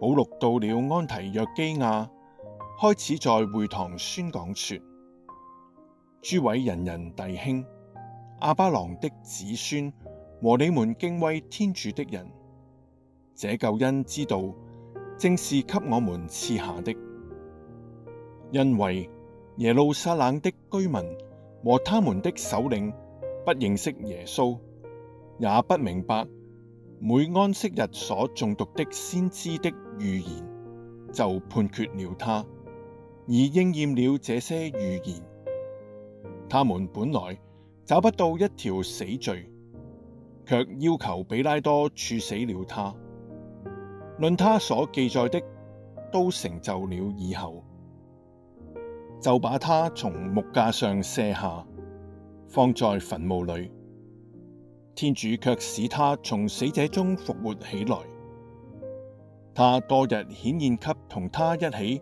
保祿到了安提約基雅，開始在會堂宣講說：諸位仁人弟兄，亞巴郎的子孫和你們敬畏天主的人，這救恩之道正是給我們賜下的。因為耶路撒冷的居民和他們的首領不認識耶穌，也不明白每安息日所誦讀的先知的。預言，就判決了他，而應驗了這些預言。他們本來找不到一條死罪，卻要求比拉多處死了他。論他所記載的，都成就了以後，就把他從木架上卸下，放在墳墓裏。天主卻使他從死者中復活起來。他多日顯現給同他一起，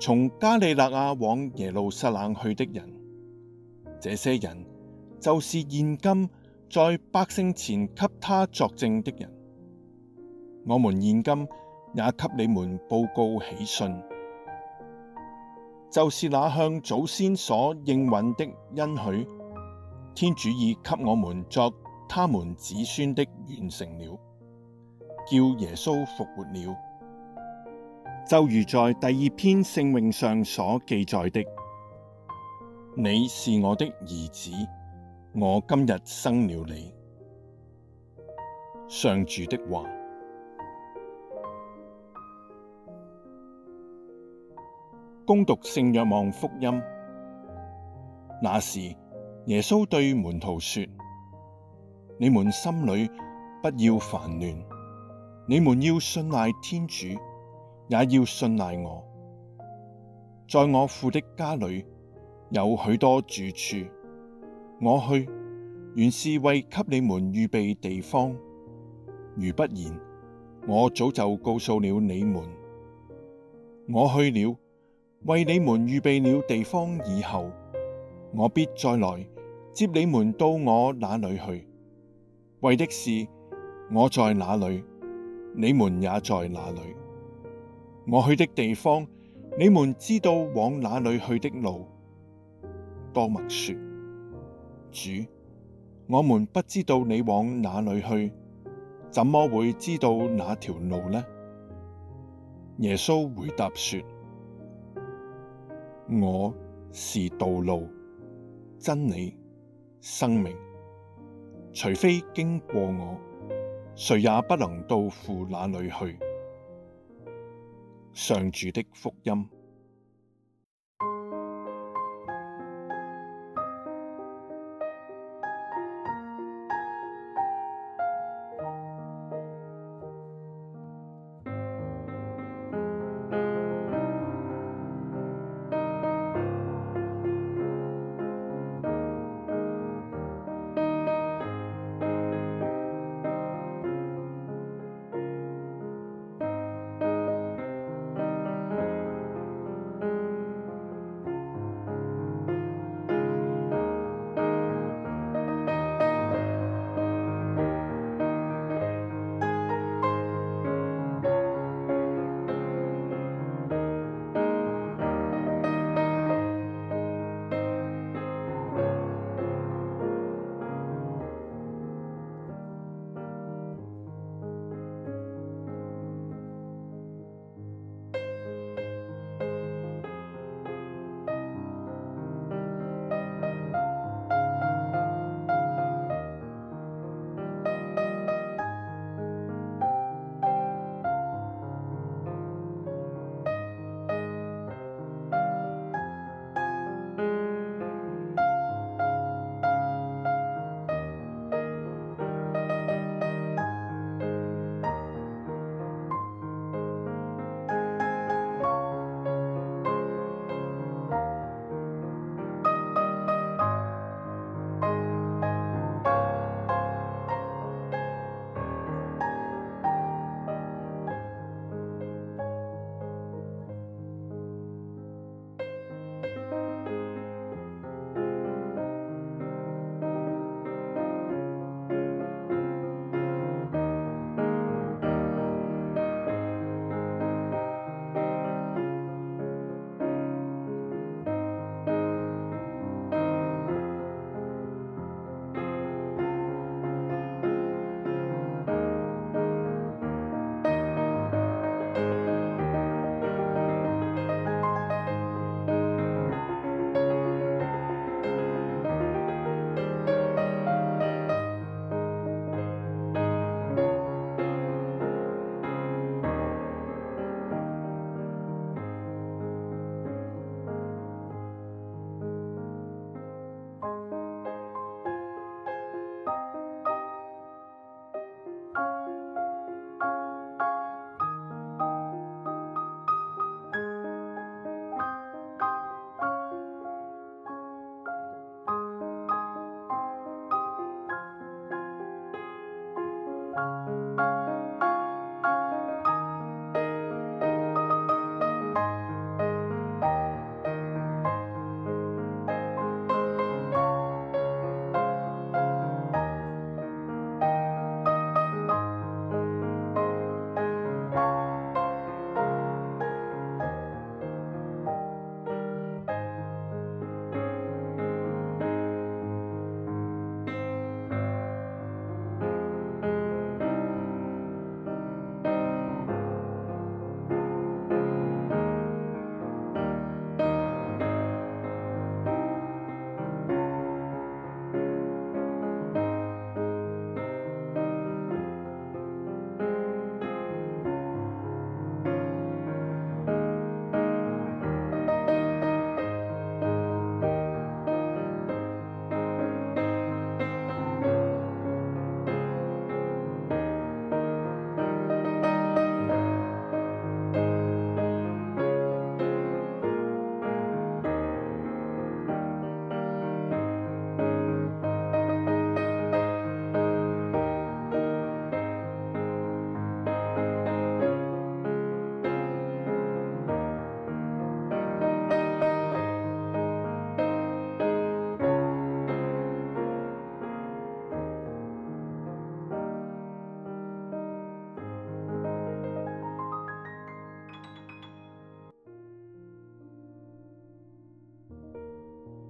從加里肋亞往耶路撒冷去的人，這些人就是現今在百姓前給他作證的人。我們現今也給你們報告喜訊，就是那向祖先所應允的恩許，天主已給我們作他們子孫的完成了，叫耶穌復活了。就如在第二篇聖詠上所記載的，你是我的兒子，我今日生了你。上主的話。恭讀聖若望福音，那時，耶穌對門徒說：你們心裏不要煩亂，你們要信賴天主。也要信賴我，在我父的家裏有許多住處。我去原是為給你們預備地方，如不然，我早就告訴了你們。我去了，為你們預備了地方以後，我必再來接你們到我那裏去，為的是我在那裏，你們也在那裏。我去的地方，你們知道往哪裏去的路。多默說：主，我們不知道你往哪裏去，怎麼會知道那條路呢？耶穌回答說：我是道路、真理、生命，除非經過我，誰也不能到父那裏去。上主的福音。